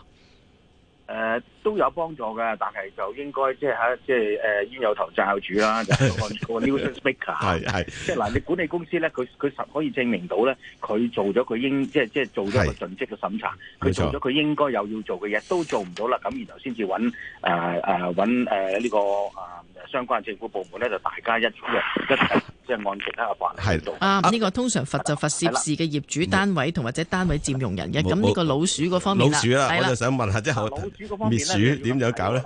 [SPEAKER 1] 呃
[SPEAKER 6] 都有幫助嘅，但係就應該即係喺即係誒冤有頭債有主啦、啊。 [laughs] 就按個 news speaker
[SPEAKER 1] 係係
[SPEAKER 6] 即係嗱，你管理公司咧，佢佢實可以證明到咧，佢做咗佢應即係即係做咗一個盡職嘅審查，佢做咗佢應該有要做嘅嘢都做唔到啦。咁然後先至揾誒誒揾呢個誒、啊、相關政府部門咧，大 [laughs] 就大家一致一致即係按其他嘅法例啊，呢、啊啊這個
[SPEAKER 1] 通常罰就罰涉事嘅業主單位同或者單位佔用人嘅。咁呢個老鼠嗰方面啦，啦、啊，我就想
[SPEAKER 3] 問下即係、啊、老鼠嗰方面啦。點樣搞咧？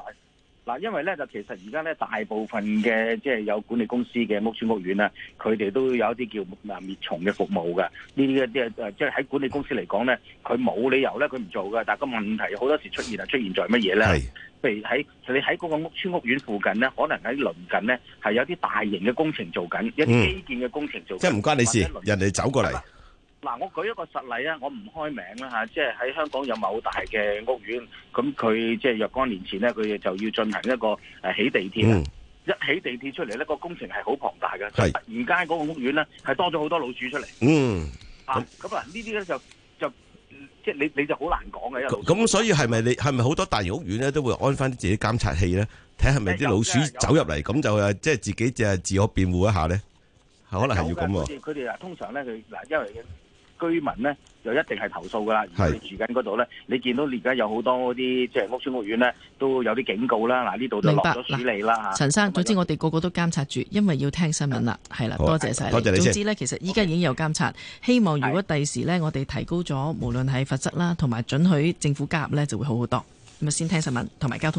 [SPEAKER 6] 嗱，因為咧就其實而家咧大部分嘅即係有管理公司嘅屋村屋苑啊，佢哋都有一啲叫木滅滅蟲嘅服務噶。呢啲一啲即係喺管理公司嚟講咧，佢冇理由咧，佢唔做噶。但係個問題好多時出現啊，出現在乜嘢咧？譬如喺你喺嗰個屋村屋苑附近咧，可能喺鄰近咧係有啲大型嘅工程做緊，一啲基建嘅工程做，即係唔關你事，人哋走過嚟。嗱，我舉一個實例啊，我唔開名啦嚇，即係喺香港有某大嘅屋苑，咁佢即係若干年前咧，佢就要進行一個誒起地鐵啦。一起地鐵出嚟咧，個工程係好龐大嘅。係而家嗰個屋苑咧，係多咗好多老鼠出嚟。嗯，啊，咁啊，呢啲咧就就即係你你就好難講嘅。
[SPEAKER 3] 咁咁，所以係咪你係咪好多大型屋苑咧都會安翻啲自己監察器咧，睇係咪啲老鼠走入嚟，咁就誒即係自己就係自我辯護一下咧？可能係要咁。佢哋啊，
[SPEAKER 6] 通常咧佢嗱，因為嘅。居民咧就一定係投訴噶啦，而家你住緊嗰度咧，你見到而家有好多啲即係屋村屋苑咧都有啲警告啦，嗱呢度都落咗水泥
[SPEAKER 1] 啦。陳生，總之我哋個個都監察住，因為要聽新聞啦，係啦，多謝曬，多謝你先。總之咧，其實依家已經有監察，希望如果第時咧我哋提高咗無論係罰則啦，同埋准許政府加入咧就會好好多。咁啊，先聽新聞同埋交通。